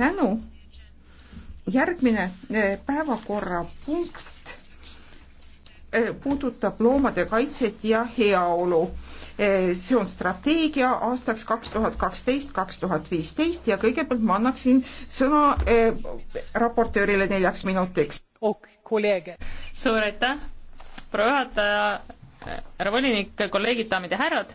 tänu. järgmine eh, päevakorrapunkt eh, puudutab loomade kaitset ja heaolu. Eh, see on strateegia aastaks kaks tuhat kaksteist, kaks tuhat viisteist ja kõigepealt ma annaksin sõna raportöörile neljaks minutiks oh,. suur aitäh, proua juhataja, härra volinik, kolleegid, daamid ja härrad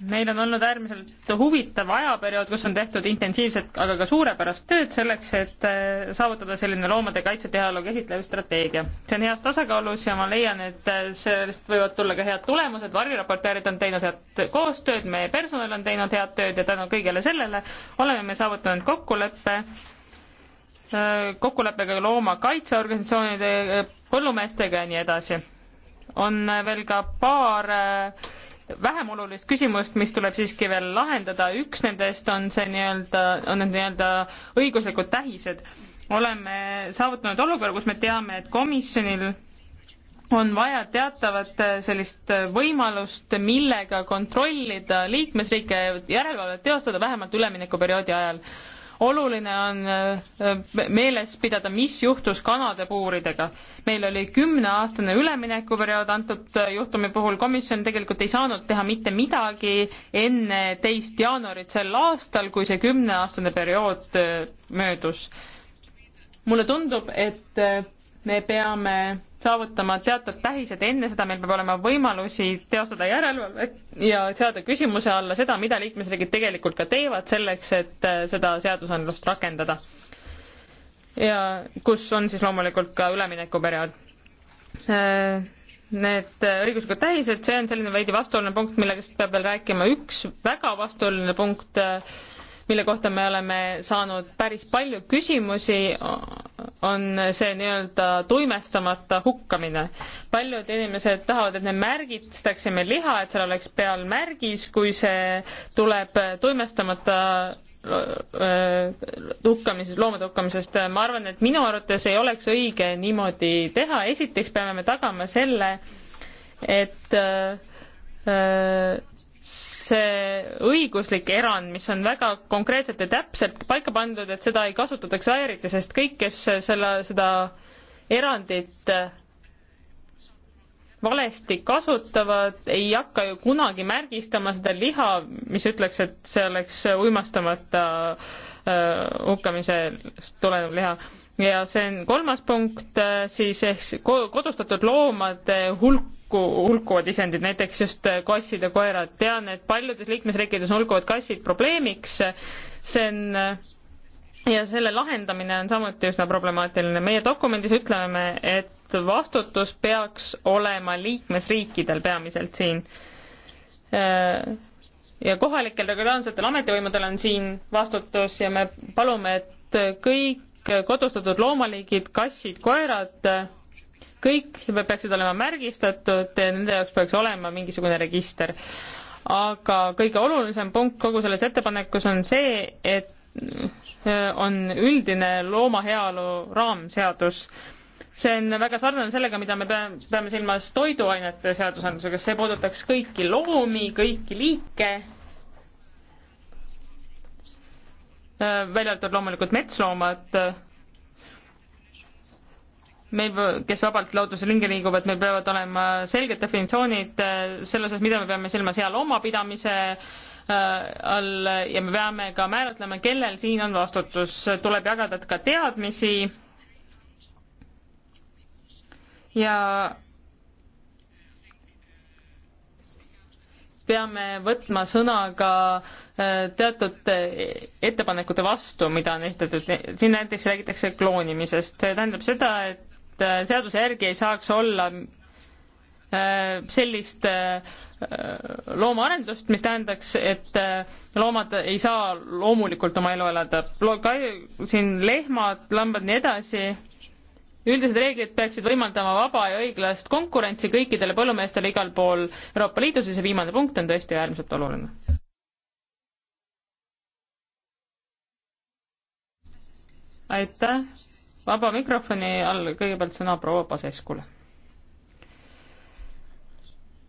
meil on olnud äärmiselt huvitav ajaperiood, kus on tehtud intensiivset, aga ka suurepärast tööd selleks, et äh, saavutada selline loomade kaitse dialoogi esitlev strateegia. see on heas tasakaalus ja ma leian, et äh, sellest võivad tulla ka head tulemused, variraportöörid on teinud head koostööd, meie personal on teinud head tööd ja tänu kõigele sellele oleme me saavutanud kokkuleppe, äh, kokkuleppega loomakaitseorganisatsioonide, põllumeestega ja nii edasi. on veel ka paar äh, vähem olulist küsimust, mis tuleb siiski veel lahendada, üks nendest on see nii-öelda, on need nii-öelda õiguslikud tähised. oleme saavutanud olukorra, kus me teame, et komisjonil on vaja teatavat äh, sellist äh, võimalust, millega kontrollida liikmesriike, järelevalvet teostada vähemalt üleminekuperioodi ajal oluline on äh, meeles pidada, mis juhtus Kanada puuridega. meil oli kümneaastane üleminekuperiood antud äh, juhtumi puhul, komisjon tegelikult ei saanud teha mitte midagi enne teist jaanuarit sel aastal, kui see kümneaastane periood äh, möödus. mulle tundub, et me peame saavutama teatud tähised, enne seda meil peab olema võimalusi teostada järelevalvet ja seada küsimuse alla seda, mida liikmesriigid tegelikult ka teevad selleks, et äh, seda seadusandlust rakendada. ja kus on siis loomulikult ka üleminekuperiood. Äh, need õiguslikud tähised, see on selline veidi vastuoluline punkt, millegast peab veel rääkima, üks väga vastuoluline punkt äh, mille kohta me oleme saanud päris palju küsimusi, on see nii-öelda tuimestamata hukkamine. paljud inimesed tahavad, et me märgistaksime liha, et seal oleks peal märgis, kui see tuleb tuimestamata hukkamisest, loomade hukkamisest, ma arvan, et minu arvates ei oleks õige niimoodi teha, esiteks peame me tagama selle, et äh, see õiguslik erand, mis on väga konkreetselt ja täpselt paika pandud, et seda ei kasutataks vääriti, sest kõik, kes selle, seda erandit valesti kasutavad, ei hakka ju kunagi märgistama seda liha, mis ütleks, et see oleks uimastamata äh, hukkamisest tulenev liha. ja see on kolmas punkt, äh, siis ehk kodustatud loomade hulk hulkuvad isendid, näiteks just äh, kassid ja koerad. tean, et paljudes liikmesriikides on hulkuvad kassid probleemiks, see on äh, ja selle lahendamine on samuti üsna problemaatiline. meie dokumendis ütleme me, et vastutus peaks olema liikmesriikidel peamiselt siin. Äh, ja kohalikel regulaarsetel ametivõimudel on siin vastutus ja me palume, et kõik kodustatud loomaliigid, kassid, koerad kõik peaksid olema märgistatud, nende jaoks peaks olema mingisugune register. aga kõige olulisem punkt kogu selles ettepanekus on see, et äh, on üldine looma heaolu raamseadus. see on väga sarnane sellega, mida me peame silmas toiduainete seadusandlusega, see puudutaks kõiki loomi, kõiki liike, äh, välja arvatud loomulikult metsloomad meil, kes vabalt laudusringi liiguvad, meil peavad olema selged definitsioonid äh, selles osas, mida me peame silmas hea loomapidamise äh, all ja me peame ka määratlema, kellel siin on vastutus, tuleb jagada ka teadmisi ja peame võtma sõna ka äh, teatud ettepanekute vastu, mida on esitatud, siin näiteks räägitakse kloonimisest, see tähendab seda, et et äh, seaduse järgi ei saaks olla äh, sellist äh, loomaarendust, mis tähendaks, et loomad ei saa loomulikult oma elu elada. siin lehmad, lambad, nii edasi, üldised reeglid peaksid võimaldama vaba ja õiglast konkurentsi kõikidele põllumeestele igal pool Euroopa Liidus ja see viimane punkt on tõesti äärmiselt oluline. aitäh vaba mikrofoni all kõigepealt sõna proua Paseskule.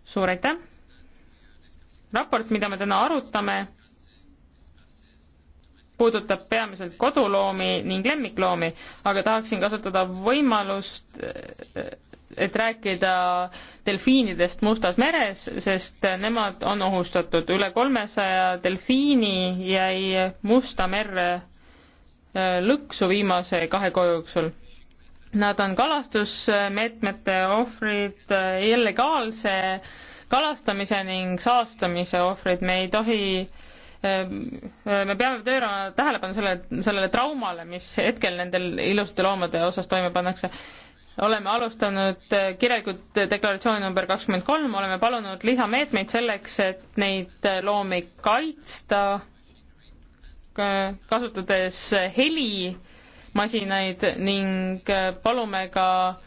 suur aitäh! raport, mida me täna arutame, puudutab peamiselt koduloomi ning lemmikloomi, aga tahaksin kasutada võimalust, et rääkida delfiinidest Mustas meres, sest nemad on ohustatud. üle kolmesaja delfiini jäi Musta merre lõksu viimase kahe kuu jooksul. Nad on kalastusmeetmete ohvrid, illegaalse kalastamise ning saastamise ohvrid, me ei tohi me peame pöörama tähelepanu sellele, sellele traumale, mis hetkel nendel ilusate loomade osas toime pannakse. oleme alustanud kirjalikult deklaratsiooni number kakskümmend kolm, oleme palunud lisameetmeid selleks, et neid loomi kaitsta Äh, kasutades helimasinaid ning äh, palume ka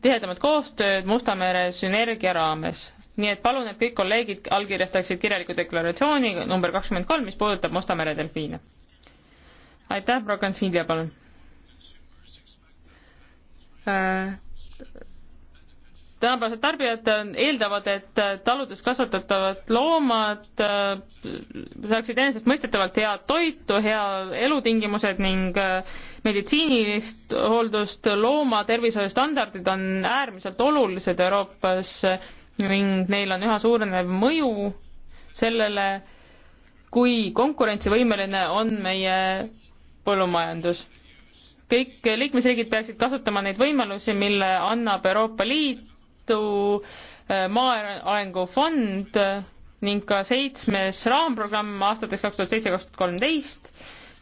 tihedamat koostööd Musta mere sünergia raames. nii et palun, et kõik kolleegid allkirjastaksid kirjaliku deklaratsiooni number kakskümmend kolm, mis puudutab Musta mere delfiine. aitäh, proua Kantsilia, palun äh, tänapäevased tarbijad äh, eeldavad, et äh, taludes kasvatatavad loomad äh, saaksid enesestmõistetavalt head toitu, hea elutingimused ning meditsiinilist hooldust, looma tervishoiustandardid on äärmiselt olulised Euroopas ning neil on üha suurenev mõju sellele, kui konkurentsivõimeline on meie põllumajandus kõik liikmesriigid peaksid kasutama neid võimalusi, mille annab Euroopa Liit vastu äh, Maaelu Fond ning ka seitsmes raamprogramm aastateks kaks tuhat seitse, kaks tuhat kolmteist,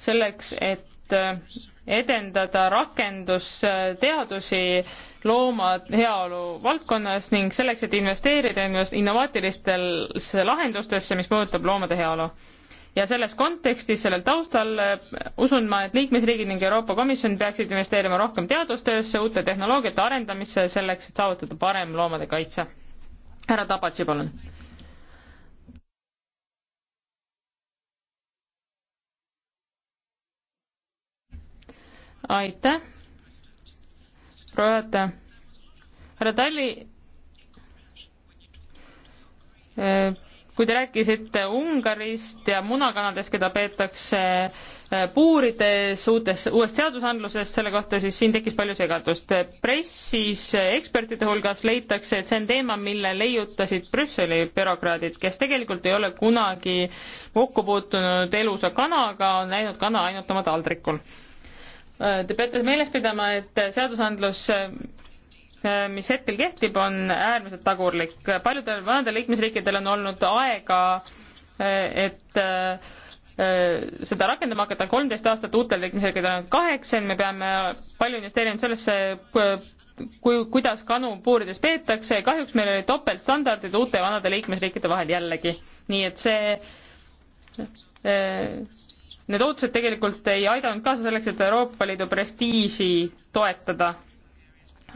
selleks, et äh, edendada rakendusteadusi loomad heaolu valdkonnas ning selleks, et investeerida innovaatilistesse lahendustesse, mis puudutab loomade heaolu ja selles kontekstis, sellel taustal äh, usun ma, et liikmesriigid ning Euroopa Komisjon peaksid investeerima rohkem teadustöösse, uute tehnoloogiate arendamisse, selleks et saavutada parem loomade kaitse. härra Tabatši, palun. aitäh, proua juhataja. härra Talli äh, kui te rääkisite Ungarist ja munakanadest, keda peetakse äh, puurides uutes, uuest seadusandlusest selle kohta, siis siin tekkis palju segadust. pressis äh, ekspertide hulgas leitakse, et see on teema, mille leiutasid Brüsseli bürokraadid, kes tegelikult ei ole kunagi kokku puutunud elusa kanaga, on näinud kana ainult oma taldrikul äh, Te peate meeles pidama, et seadusandlus Äh, mis hetkel kehtib, on äärmiselt tagurlik. paljudel vanadel liikmesriikidel on olnud aega, äh, et äh, seda rakendama hakata, kolmteist aastat uutel liikmesriikidel on kaheksa, me peame palju investeerinud sellesse, kui, kuidas kanu puurides peetakse, kahjuks meil oli topeltstandardid uute ja vanade liikmesriikide vahel jällegi. nii et see, need ootused tegelikult ei aidanud kaasa selleks, et Euroopa Liidu prestiiži toetada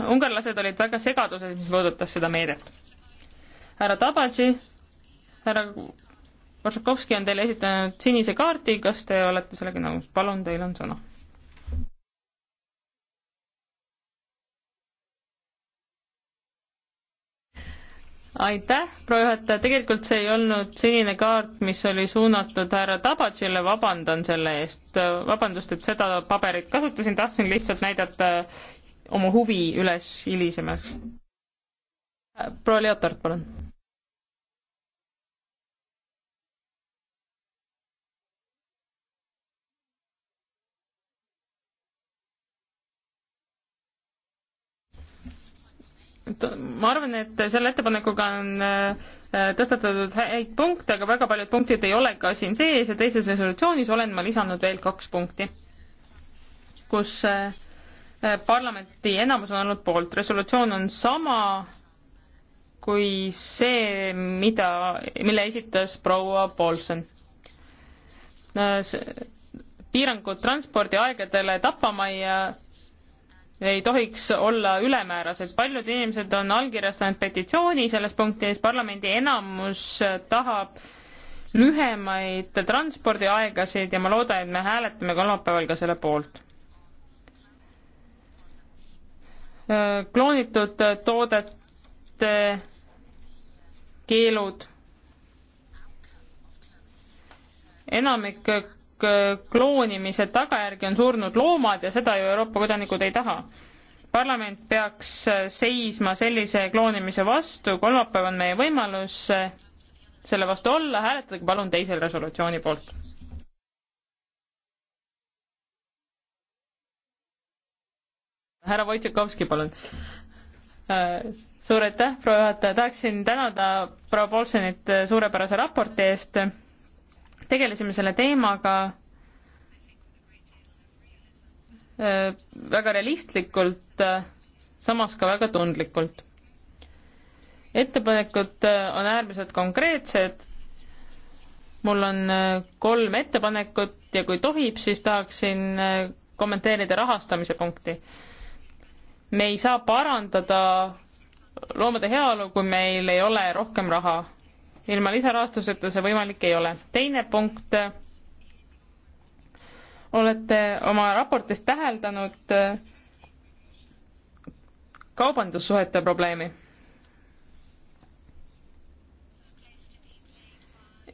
ungarlased olid väga segaduses, mis puudutas seda meedet. härra Tabatši, härra Varšakovski on teile esitanud sinise kaardi, kas te olete sellega nõus? palun, teil on sõna. aitäh, proua juhataja, tegelikult see ei olnud sinine kaart, mis oli suunatud härra Tabatšile, vabandan selle eest, vabandust, et seda paberit kasutasin, tahtsin lihtsalt näidata äh, oma huvi üles hilisemaks. proua Leotard, palun. ma arvan, et selle ettepanekuga on äh, tõstatatud häid punkte, aga väga paljud punktid ei ole ka siin sees ja teises resolutsioonis olen ma lisanud veel kaks punkti, kus äh, parlamenti enamus on olnud poolt, resolutsioon on sama kui see, mida, mille esitas proua Paulson. piirangud transpordiaegadele tapamajja ei tohiks olla ülemäärased, paljud inimesed on allkirjastanud petitsiooni selles punktis, parlamendi enamus tahab lühemaid transpordiaegasid ja ma loodan, et me hääletame kolmapäeval ka selle poolt kloonitud toodete keelud. enamik äh, kloonimise tagajärgi on surnud loomad ja seda ju Euroopa kodanikud ei taha. parlament peaks äh, seisma sellise kloonimise vastu, kolmapäev on meie võimalus äh, selle vastu olla, hääletage palun teise resolutsiooni poolt härra Wojtšikovski, palun. Äh, suur aitäh, proua juhataja, tahaksin tänada proua Paulsenit äh, suurepärase raporti eest. tegelesime selle teemaga äh, väga realistlikult, samas ka väga tundlikult. ettepanekud on äärmiselt konkreetsed. mul on kolm ettepanekut ja kui tohib, siis tahaksin kommenteerida rahastamise punkti me ei saa parandada loomade heaolu, kui meil ei ole rohkem raha. ilma lisarahastuseta see võimalik ei ole. teine punkt, olete oma raportis täheldanud äh, kaubandussuhete probleemi.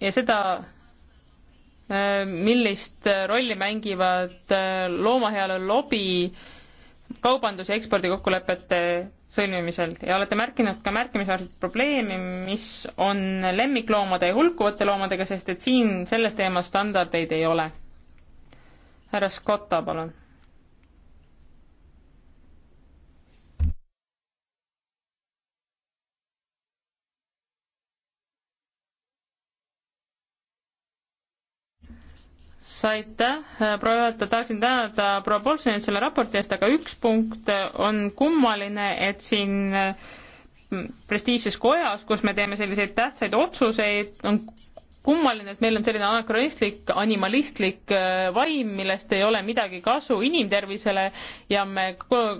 ja seda, äh, millist rolli mängivad äh, loomaheaolu lobi kaubandus- ja ekspordikokkulepete sõlmimisel ja olete märkinud ka märkimisväärset probleemi, mis on lemmikloomade ja hulkuvate loomadega, sest et siin selles teemas standardeid ei ole. härra Skotta, palun aitäh, proua juhataja, tahaksin tänada proua Polsonit selle raporti eest, aga üks punkt on kummaline, et siin mm, prestiižses kojas, kus me teeme selliseid tähtsaid otsuseid, on kummaline, et meil on selline anakronistlik, animalistlik äh, vaim, millest ei ole midagi kasu inimtervisele ja me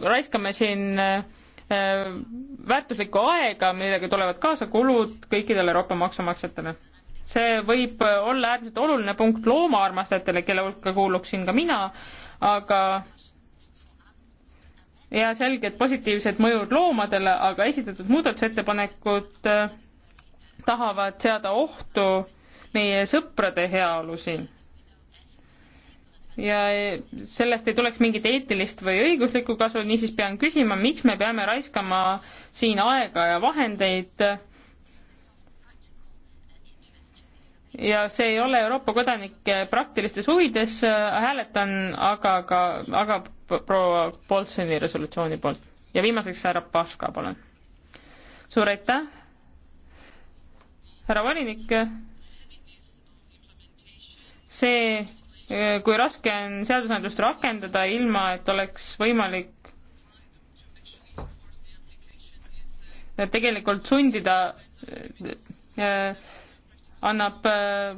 raiskame siin äh, äh, väärtuslikku aega, millega tulevad kaasa kulud kõikidele Euroopa maksumaksjatele see võib olla äärmiselt oluline punkt loomaarmastajatele, kelle hulka kuuluksin ka mina, aga ja selged positiivsed mõjud loomadele, aga esitatud muudatusettepanekud äh, tahavad seada ohtu meie sõprade heaolu siin. ja äh, sellest ei tuleks mingit eetilist või õiguslikku kasu, niisiis pean küsima, miks me peame raiskama siin aega ja vahendeid äh, ja see ei ole Euroopa kodanike praktilistes huvides, äh, hääletan aga ka, aga proua Boltseni resolutsiooni poolt. ja viimaseks härra Paška, palun. suur aitäh, härra volinik. see, äh, kui raske on seadusandlust rakendada ilma, et oleks võimalik tegelikult sundida äh, annab äh,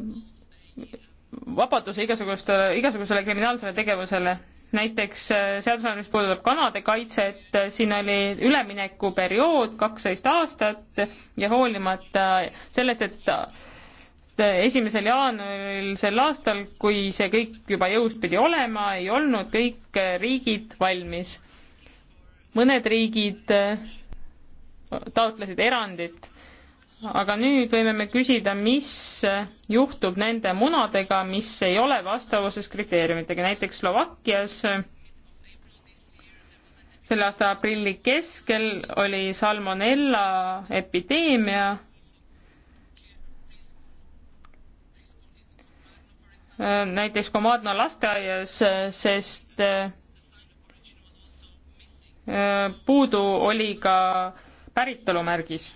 vabaduse igasugustele, igasugusele kriminaalsele tegevusele. näiteks äh, seadusandlus, mis puudutab kanade kaitset, äh, siin oli üleminekuperiood kaksteist aastat ja hoolimata sellest, et esimesel jaanuaril sel aastal, kui see kõik juba jõus pidi olema, ei olnud kõik riigid valmis. mõned riigid taotlesid erandit aga nüüd võime me küsida, mis juhtub nende munadega, mis ei ole vastavuses kriteeriumitega, näiteks Slovakkias selle aasta aprilli keskel oli salmonella epideemia. näiteks Komadno lasteaias, sest äh, puudu oli ka päritolumärgis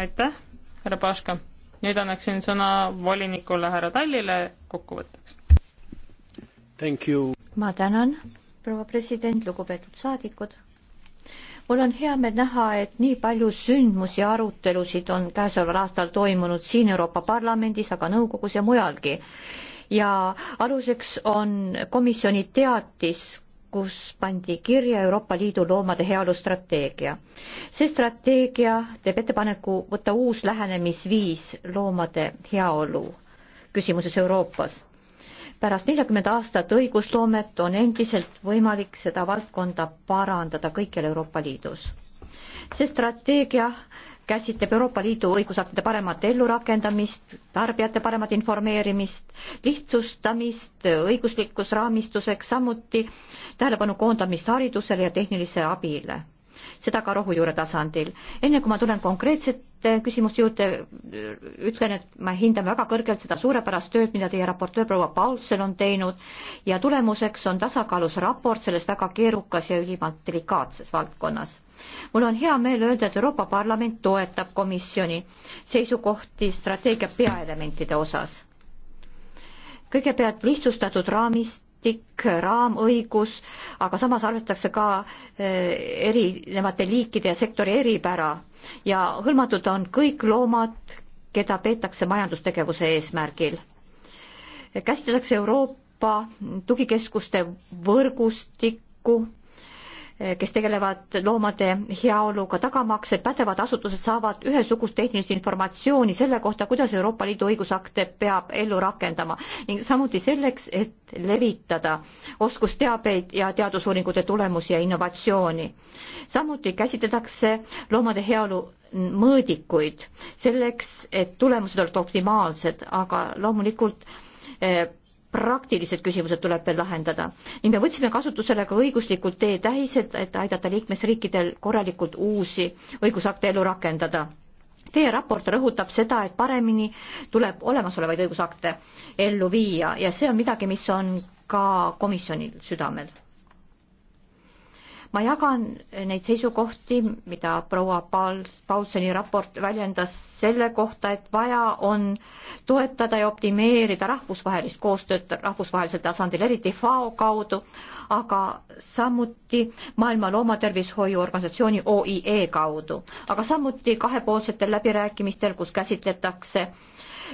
aitäh, härra Paška. nüüd annaksin sõna volinikule härra Tallile kokkuvõtteks. ma tänan, proua president, lugupeetud saadikud. mul on hea meel näha, et nii palju sündmusi ja arutelusid on käesoleval aastal toimunud siin Euroopa Parlamendis, aga nõukogus ja mujalgi ja aluseks on komisjoni teatis kus pandi kirja Euroopa Liidu loomade heaolu strateegia. see strateegia teeb ettepaneku võtta uus lähenemisviis loomade heaolu küsimuses Euroopas. pärast neljakümmet aastat õigusloomet on endiselt võimalik seda valdkonda parandada kõikjal Euroopa Liidus. see strateegia äh, käsitleb Euroopa Liidu õigusaktide paremat ellurakendamist, tarbijate paremat informeerimist, lihtsustamist õiguslikus raamistuseks, samuti tähelepanu koondamist haridusele ja tehnilisele abile seda ka rohujuure tasandil. enne kui ma tulen konkreetsete küsimuste juurde, ütlen, et ma hindan väga kõrgelt seda suurepärast tööd, mida teie raportöör proua Paulsen on teinud ja tulemuseks on tasakaalus raport selles väga keerukas ja ülimalt delikaatses valdkonnas. mul on hea meel öelda, et Euroopa Parlament toetab komisjoni seisukohti strateegia peaelementide osas kõigepealt lihtsustatud raamist raamistik, raamõigus, aga samas arvestatakse ka eh, erinevate liikide ja sektori eripära ja hõlmatud on kõik loomad, keda peetakse majandustegevuse eesmärgil. käsitletakse Euroopa tugikeskuste võrgustikku Eh, kes tegelevad loomade heaoluga tagamaks, et pädevad asutused saavad ühesugust tehnilist informatsiooni selle kohta, kuidas Euroopa Liidu õigusakte peab ellu rakendama ning samuti selleks, et levitada oskusteabeid ja teadusuuringute tulemusi ja innovatsiooni. samuti käsitletakse loomade heaolu mõõdikuid selleks, et tulemused oleksid optimaalsed, aga loomulikult eh, praktilised küsimused tuleb veel lahendada. ning me võtsime kasutusele ka õiguslikud teetähised, et aidata liikmesriikidel korralikult uusi õigusakte ellu rakendada. Teie raport rõhutab seda, et paremini tuleb olemasolevaid õigusakte ellu viia ja see on midagi, mis on ka komisjonil südamel ma jagan neid seisukohti, mida proua Paulseni raport väljendas selle kohta, et vaja on toetada ja optimeerida rahvusvahelist koostööd rahvusvahelisel tasandil, eriti FAO kaudu, aga samuti Maailma Loomatervishoiuorganisatsiooni OIE kaudu, aga samuti kahepoolsetel läbirääkimistel, kus käsitletakse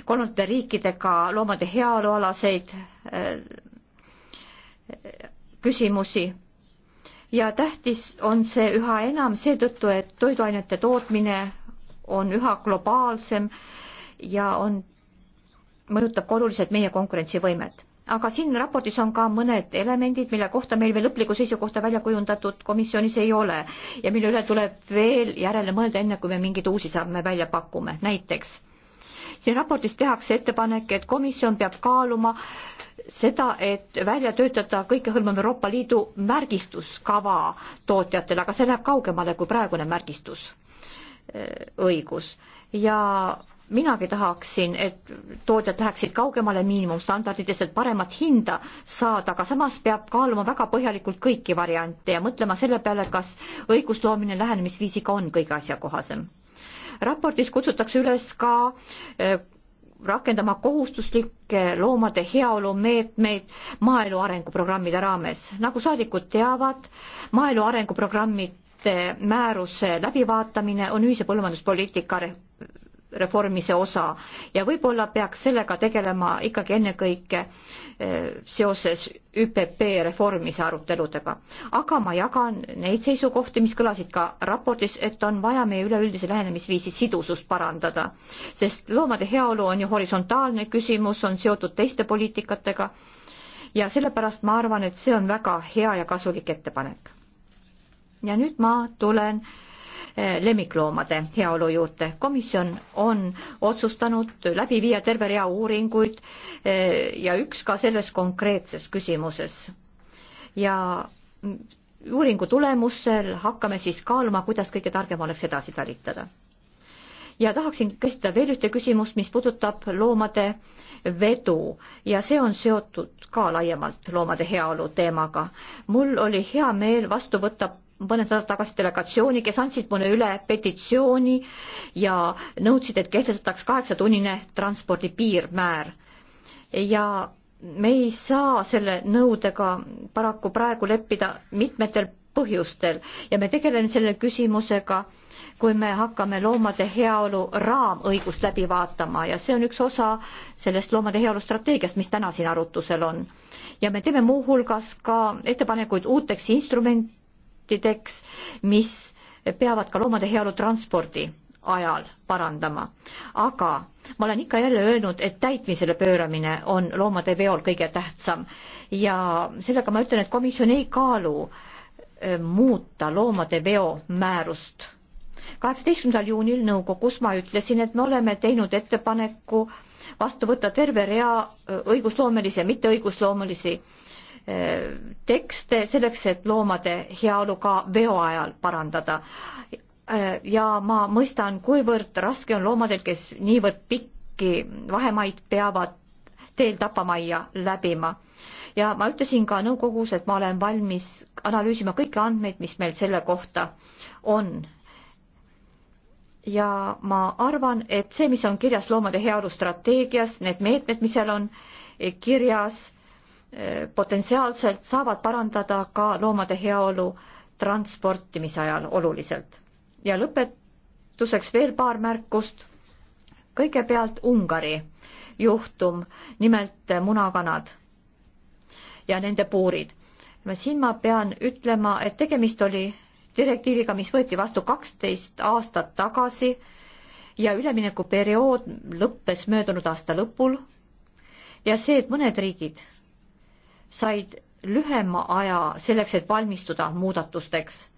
kolmandate riikidega loomade heaolualaseid äh, küsimusi ja tähtis on see üha enam seetõttu, et toiduainete tootmine on üha globaalsem ja on, mõjutab ka oluliselt meie konkurentsivõimet. aga siin raportis on ka mõned elemendid, mille kohta meil veel lõplikku seisukohta välja kujundatud komisjonis ei ole ja mille üle tuleb veel järele mõelda, enne kui me mingeid uusi samme välja pakume, näiteks siin raportis tehakse ettepanek, et komisjon peab kaaluma äh, seda, et välja töötada kõikehõlmav Euroopa Liidu märgistuskava tootjatele, aga see läheb kaugemale kui praegune märgistusõigus. ja minagi tahaksin, et tootjad läheksid kaugemale miinimumstandarditest, et paremat hinda saada, aga samas peab kaaluma väga põhjalikult kõiki variante ja mõtlema selle peale, kas õigusloomine lähenemisviisiga on kõige asjakohasem. raportis kutsutakse üles ka eh, rakendama kohustuslikke loomade heaolu meetmeid maaelu arenguprogrammide raames. nagu saadikud teavad, maaelu arenguprogrammide määruse läbivaatamine on ühise põllumajanduspoliitika reformise osa ja võib-olla peaks sellega tegelema ikkagi ennekõike eh, seoses ÜPP reformise aruteludega. aga ma jagan neid seisukohti, mis kõlasid ka raportis, et on vaja meie üleüldise lähenemisviisi sidusust parandada, sest loomade heaolu on ju horisontaalne küsimus, on seotud teiste poliitikatega ja sellepärast ma arvan, et see on väga hea ja kasulik ettepanek. ja nüüd ma tulen äh, Eh, lemmikloomade heaolu juurde. komisjon on otsustanud läbi viia terve rea uuringuid eh, ja üks ka selles konkreetses küsimuses. ja uuringu tulemusel hakkame siis kaaluma, kuidas kõige targem oleks edasi talitada. ja tahaksin küsida veel ühte küsimust, mis puudutab loomade vedu ja see on seotud ka laiemalt loomade heaolu teemaga. mul oli hea meel vastu võtta mõned nädalad tagasi delegatsiooni, kes andsid mulle üle petitsiooni ja nõudsid, et kehtestataks kaheksatunnine transpordi piirmäär. ja me ei saa selle nõudega paraku praegu leppida mitmetel põhjustel ja me tegeleme selle küsimusega, kui me hakkame loomade heaolu raamõigust läbi vaatama ja see on üks osa sellest loomade heaolu strateegiast, mis täna siin arutusel on. ja me teeme muuhulgas ka ettepanekuid uuteks instrument, projektideks, mis peavad ka loomade heaolu transpordi ajal parandama. aga ma olen ikka jälle öelnud, et täitmisele pööramine on loomade veol kõige tähtsam ja sellega ma ütlen, et komisjon ei kaalu muuta loomade veo määrust. kaheksateistkümnendal juunil nõukogus ma ütlesin, et me oleme teinud ettepaneku vastu võtta terve rea õigusloomelisi ja mitteõigusloomelisi tekste selleks, et loomade heaolu ka veo ajal parandada. ja ma mõistan, kuivõrd raske on loomadel, kes niivõrd pikki vahemaid peavad teel tapamajja läbima. ja ma ütlesin ka nõukogus, et ma olen valmis analüüsima kõiki andmeid, mis meil selle kohta on ja ma arvan, et see, mis on kirjas loomade heaolu strateegias, need meetmed, mis seal on kirjas, potentsiaalselt saavad parandada ka loomade heaolu transportimise ajal oluliselt. ja lõpetuseks veel paar märkust. kõigepealt Ungari juhtum, nimelt munakanad ja nende puurid. siin ma pean ütlema, et tegemist oli direktiiviga, mis võeti vastu kaksteist aastat tagasi ja üleminekuperiood lõppes möödunud aasta lõpul. ja see, et mõned riigid said lühema aja selleks, et valmistuda muudatusteks.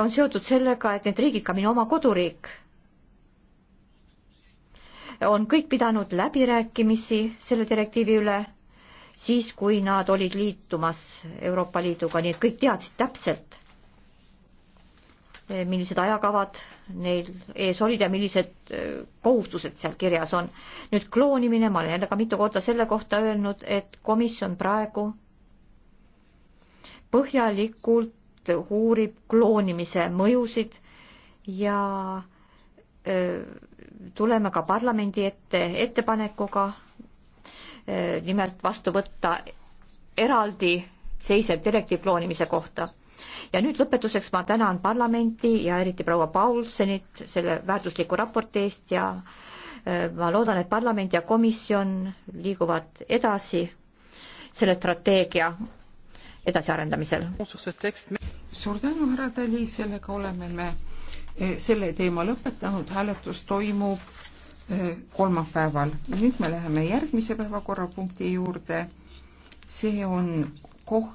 on seotud sellega, et need riigid, ka minu oma koduriik, on kõik pidanud läbirääkimisi selle direktiivi üle siis, kui nad olid liitumas Euroopa Liiduga, nii et kõik teadsid täpselt, Eh, millised ajakavad neil ees olid ja millised eh, kohustused seal kirjas on. nüüd kloonimine, ma olen jälle ka mitu korda selle kohta öelnud, et komisjon praegu põhjalikult uurib kloonimise mõjusid ja öö, eh, tuleme ka parlamendi ette ettepanekuga öö, nimelt vastu võtta eraldi seisev direktiiv kloonimise kohta ja nüüd lõpetuseks ma tänan parlamenti ja eriti proua Paulsenit selle väärtusliku raporti eest ja äh, ma loodan, et parlament ja komisjon liiguvad edasi selle strateegia edasiarendamisel. suur tänu, härra Tali, sellega oleme me äh, selle teema lõpetanud, hääletus toimub äh, kolmapäeval. nüüd me läheme järgmise päevakorrapunkti juurde. see on koht-.